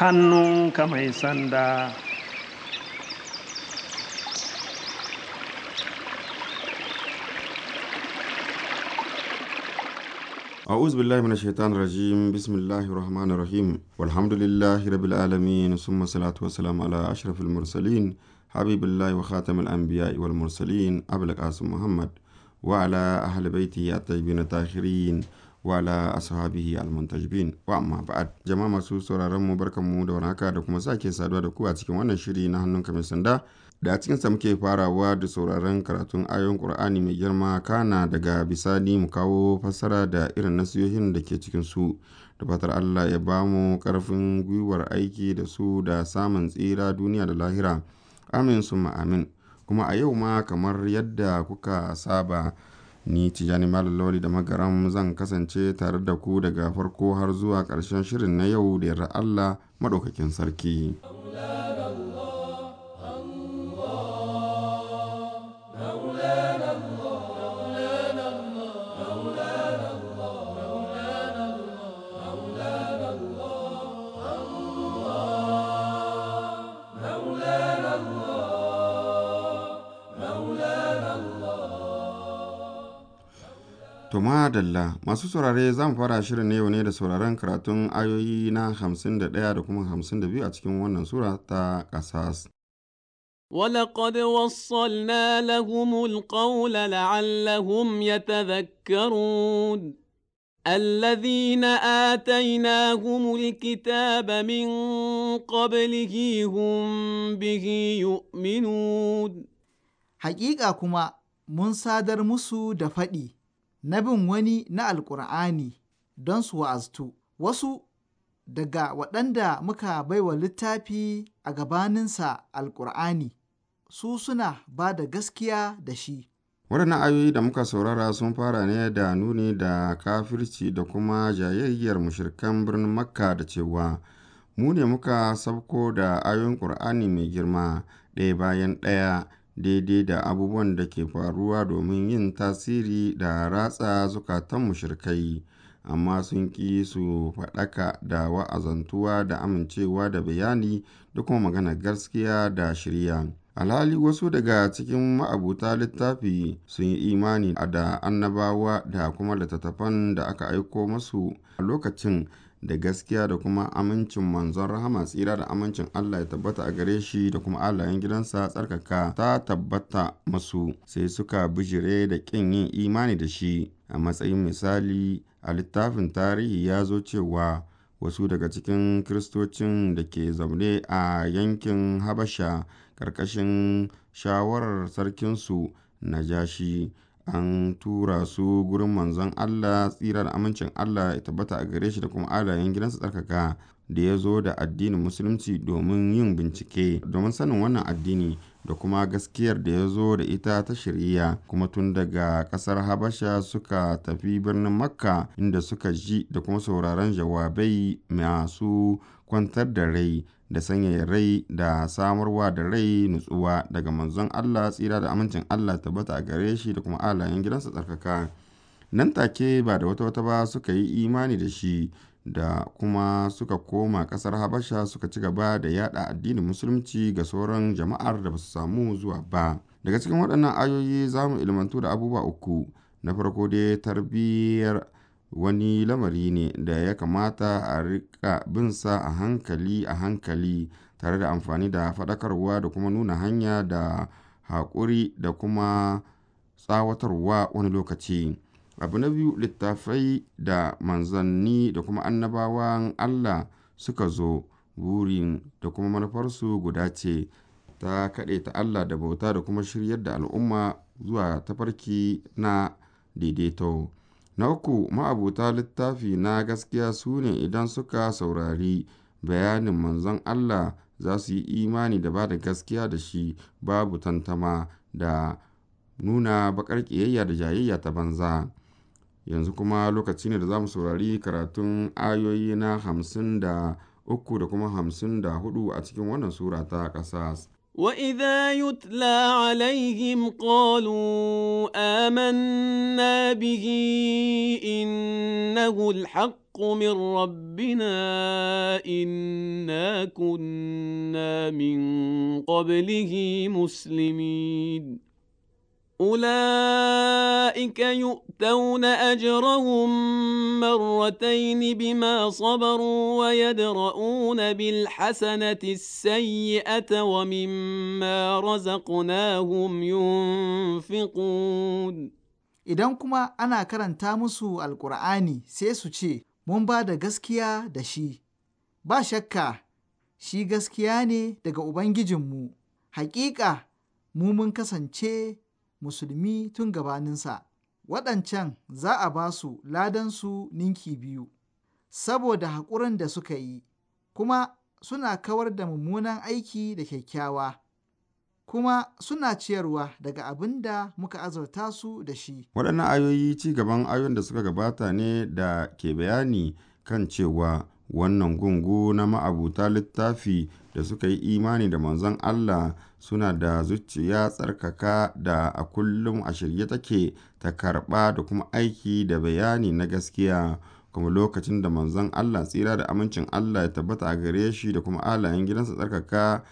hannunka mai sanda أعوذ بالله من الشيطان الرجيم بسم الله الرحمن الرحيم والحمد لله رب العالمين ثم الصلاة والسلام على أشرف المرسلين حبيب الله وخاتم الأنبياء والمرسلين أبلغ قاسم محمد وعلى أهل بيته الطيبين الطاهرين wala ala ashabihi almuntajbin wa amma ba'ad jama'a masu sauraron mu barkanmu da warhaka da kuma sake saduwa da ku a cikin wannan shiri na hannun kamar sanda da a cikinsa muke farawa da sauraron karatun ayon qur'ani mai girma kana daga bisani mu kawo fassara da irin nasihohin da ke cikin su da fatar allah ya ba mu karfin gwiwar aiki da su da samun tsira duniya da lahira amin summa amin kuma a yau ma kamar yadda kuka saba Ni Tijjani Malam Lawali da Magaram zan kasance tare da ku daga farko har zuwa ƙarshen shirin na yau da yarda Allah maɗaukakin sarki. tuma dalla masu saurare zan fara shirin ne wani da sauraren karatun ayoyi na hamsin da daya da kuma hamsin da biyu a cikin wannan sura ta kasasu. walaƙwadar wasol na lafowar ƙaular la'allahu ya ta zaka ruɗe na ataina gumui kitabamin qaɓalhi kun biyu minu. hakika kuma mun sadar musu da fadi. na bin wani na alkur'ani don su wa'aztu, wasu daga waɗanda muka baiwa littafi a gabaninsa alkur'ani su suna ba da gaskiya da shi. waɗannan ayoyi da muka saurara sun fara ne da nuni da kafirci da kuma jayayyar mushirkan birnin makka da cewa mu ne muka sabko da ayoyin ƙur'ani mai girma ɗaya bayan ɗaya daidai da abubuwan da ke faruwa domin yin tasiri da ratsa zukatan shirkai, amma sun ƙi su faɗaka da wa'azantuwa da amincewa da bayani da kuma maganar gaskiya da shirya. Alhali wasu daga cikin ma'abuta littafi sun yi imani da annabawa da kuma littattafan da aka aiko masu a lokacin da gaskiya da kuma amincin manzon rahama tsira da amincin Allah ya tabbata a gare shi da kuma alayen gidansa tsarkaka ta tabbata masu sai suka bijire da ƙin yin imani da shi a matsayin misali a littafin tarihi ya zo cewa wasu daga cikin kiristocin da ke zaune a yankin habasha ƙarƙashin shawarar sarkinsu jashi. an tura su gurin manzon Allah tsira amincin Allah ya tabbata a gare shi da kuma adayen gidansa tsarkaka da ya zo da addinin musulunci domin yin bincike domin sanin wannan addini da kuma gaskiyar da ya zo da ita ta shirya kuma tun daga kasar habasha suka tafi birnin makka inda suka ji da kuma sauraron jawabai masu kwantar da rai da sanyaya rai da samarwa da rai nutsuwa daga manzon Allah tsira da amincin Allah tabbata a gare shi da kuma alayen gidansa tsarkaka nan take ba da wata wata ba suka yi imani da shi da kuma suka koma kasar habasha suka ci gaba da yada addinin musulunci ga sauran jama'ar da ba su samu zuwa ba daga cikin waɗannan ayoyi za mu ilmantu da abubuwa uku na farko dai tarbiyyar wani lamari ne da ya kamata a rika binsa a hankali a hankali tare da amfani da faɗakarwa da kuma nuna hanya da haƙuri da kuma tsawatarwa wani lokaci. Abu na biyu littafai da manzanni da kuma annabawan Allah suka zo burin da kuma manufarsu guda ce ta kaɗe ta Allah da bauta da kuma shiryar da al'umma zuwa tafarki na daidaito. Na uku, ma'abuta littafi na gaskiya su ne idan suka saurari bayanin Manzon Allah za su yi imani da ba da gaskiya da shi babu tantama da nuna baƙar ƙiyayya da jayayya ta banza. Yanzu kuma lokaci ne da za mu saurari karatun ayoyi na hamsin da uku da kuma hamsin da hudu a cikin wannan Sura ta Ƙasas. واذا يتلى عليهم قالوا امنا به انه الحق من ربنا انا كنا من قبله مسلمين أولئك يؤتون أجرهم مرتين بما صبروا ويدرؤون بالحسنة السيئة ومما رزقناهم ينفقون إذن كما أنا كرن تامسو القرآن سيسو چه من بعد غسكيا دشي با شي غسكياني دقا جمو حقيقة مومن كسان چه musulmi tun gabaninsa waɗancan za a ba su ladansu ninki biyu saboda haƙurin da suka yi kuma suna kawar da mummunan aiki da kyakkyawa kuma suna ciyarwa daga abin da muka azurta su da shi waɗannan ayoyi ci gaban ayoyin da suka gabata ne da ke bayani kan cewa Wannan gungu na ma'abuta littafi da suka yi imani da Manzon Allah suna da zuciya tsarkaka da a kullum a shirye take ta karɓa da kuma aiki da bayani na gaskiya, kuma lokacin da Manzon Allah tsira da amincin Allah ya tabbata a gare shi da kuma alayen gidansa tsarkaka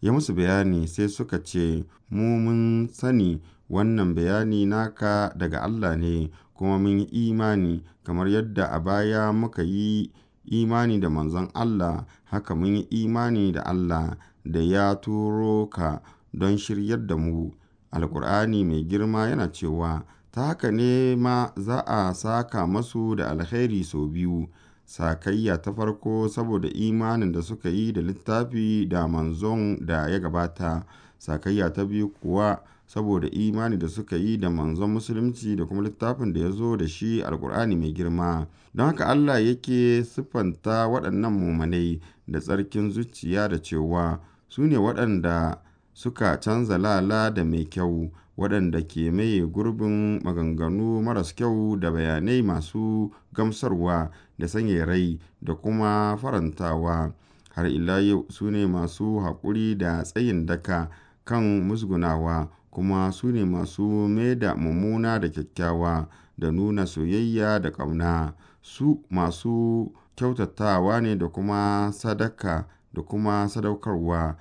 ya musu bayani, sai suka ce, Mu mun sani wannan bayani naka daga Allah ne, kuma mun yi imani, kamar yadda a baya muka yi imani da manzon Allah, haka mun yi imani da Allah da ya turo ka don shiryar da mu. Alƙur'ani mai girma yana cewa, ta haka ne ma za a saka masu da alkhairi sau biyu. sakayya ta farko saboda imanin da suka yi da littafi da manzon da ya gabata, sakayya ta biyu kuwa saboda imani da suka yi da manzon musulunci da kuma littafin da ya zo da shi alkur'ani mai girma don haka allah yake siffanta waɗannan mumanai da tsarkin zuciya da cewa su ne waɗanda suka canza lala da mai kyau waɗanda ke maye gurbin maganganu maras kyau da bayanai masu gamsarwa da sanya rai da kuma farantawa. Har ila yau su ne masu haƙuri da tsayin daka kan musgunawa, kuma su ne masu maida mummuna da kyakkyawa, da nuna soyayya da ƙauna. Su masu kyautatawa ne da kuma sadaka da kuma sadaukarwa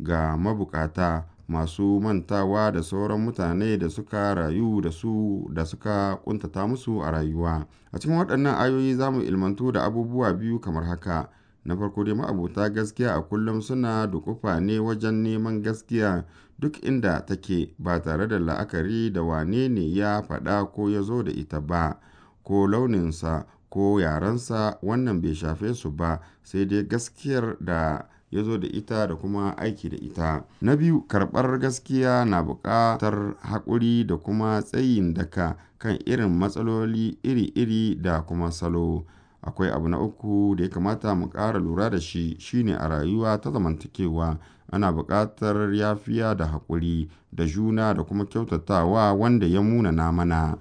ga mabukata, masu mantawa da sauran mutane da suka rayu da su da suka kuntata musu a rayuwa. A cikin waɗannan ayoyi za mu ilmantu da abubuwa biyu kamar haka. Na farko dai ma'abuta gaskiya a kullum suna duƙufa ne wajen neman gaskiya duk inda take ba tare da la'akari da wane ne ya faɗa ko ya zo da ita ba, ko launinsa ko yarensa wannan bai shafe su ba, sai dai gaskiyar da ya zo da ita da kuma aiki da ita. Na biyu, karɓar gaskiya na buƙatar haƙuri da kuma tsayin daka kan irin matsaloli iri-iri da kuma salo. Akwai abu na uku da ya kamata mu ƙara lura da shi shine a rayuwa ta zamantakewa ana buƙatar yafiya da haƙuri da juna da kuma kyautatawa wanda ya munana mana.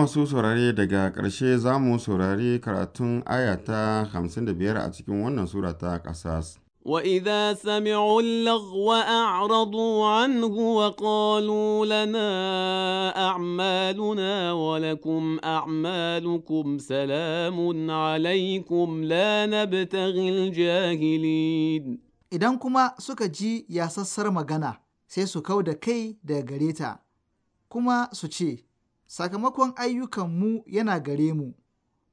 masu saurare daga ƙarshe za mu saurari karatun ayata ta 55 a cikin wannan sura ta ƙasas. وإذا سمعوا اللغو أعرضوا عنه وقالوا لنا أعمالنا ولكم أعمالكم salamun عليكم لا نبتغي الجاهلين Idan kuma suka ji yasassar magana sai su kau da kai daga gare ta, kuma su ce, sakamakon ayyukanmu yana gare mu,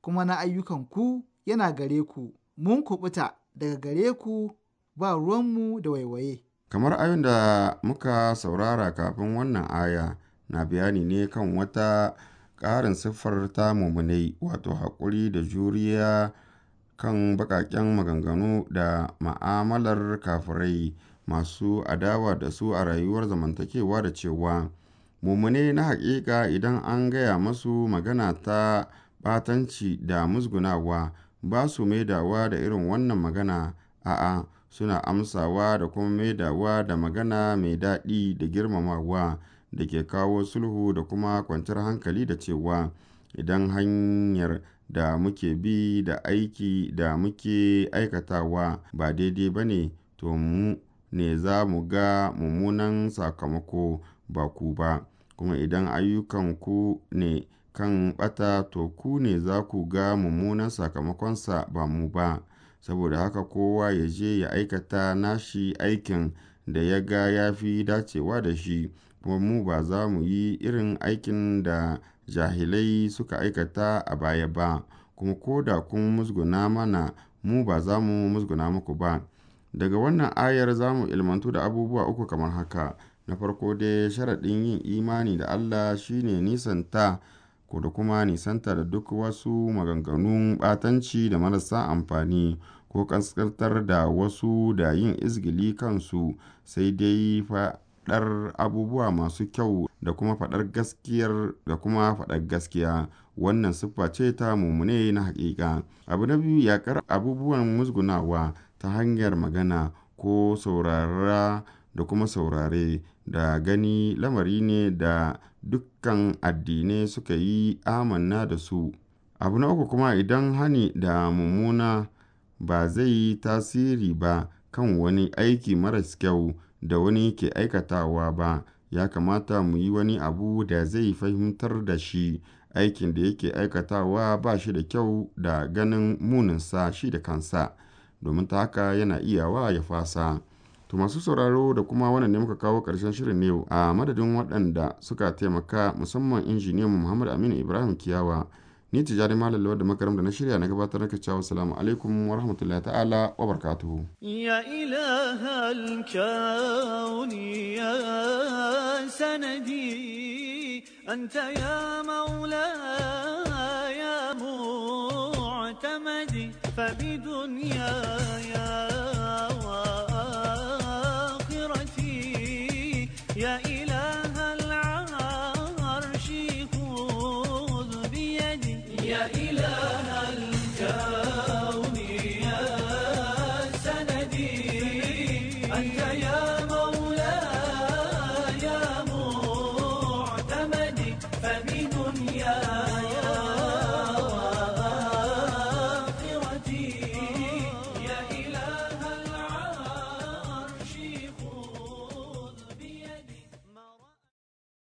kuma na ayyukanku yana gare ku, mun kuɓuta daga gare ku ba ruwanmu da waiwaye. Kamar ayun da muka saurara kafin wannan aya na bayani ne kan wata ƙarin siffar ta mummunai wato haƙuri da juriya kan baƙaƙen maganganu da ma'amalar kafirai masu adawa da su a rayuwar zamantakewa da cewa. mummune na haƙiƙa idan an gaya masu magana ta ɓatanci da musgunawa, ba su maidawa da irin wannan magana, a'a, suna amsawa da kuma maidawa da magana mai daɗi da girmamawa da ke kawo sulhu da kuma kwanciyar hankali da cewa, idan hanyar da muke bi da aiki da muke aikatawa ba daidai ba ne, to mu ne za mu ga mummunan sakamako. ba ku ba, kuma idan ayyukanku ne kan ɓata to ku ne za ku ga mummunan sakamakonsa ba mu ba. Saboda haka kowa ya je ya aikata nashi aikin da ya ga ya fi dacewa da shi, kuma mu ba za mu yi irin aikin da jahilai suka aikata a baya ba, kuma ko da kun musguna mana mu ba za mu musguna muku ba. Daga wannan ayar za mu ilmantu da abubuwa uku kamar haka. Na farko dai sharaɗin yin imani da Allah shine ne nisanta ko da kuma nisanta da duk wasu maganganun ɓatanci da marasa amfani ko ƙasƙantar da wasu da yin izgili kansu sai dai faɗar abubuwa masu kyau da kuma faɗar gaskiyar da kuma faɗar gaskiya wannan siffa ce ta mummune na haƙiƙa abu na biyu ya yaƙar abubuwan musgunawa ta hanyar magana ko saurara da kuma saurare da gani lamari ne da dukkan addinai suka yi amanna da su. Abu na uku kuma idan hani da mummuna ba zai yi tasiri ba kan wani aiki maras kyau da wani ke aikatawa ba, ya kamata mu yi wani abu da zai fahimtar da shi aikin da yake aikatawa ba shi da kyau da ganin muninsa shi da kansa, domin ta haka yana iyawa ya fasa. To masu sauraro da kuma wannan ne muka kawo ƙarshen shirin yau a madadin waɗanda suka taimaka musamman injiniyan Muhammad Aminu Ibrahim Kiyawa. Ni tijari malam lawar da makaram da na shirya na gabatar na cewa salamu alaikum wa rahmatullahi ta'ala wa barakatuhu. Ya ilahal kauni ya sanadi anta ya maula ya mu'tamadi fa bi ya لنا الكافر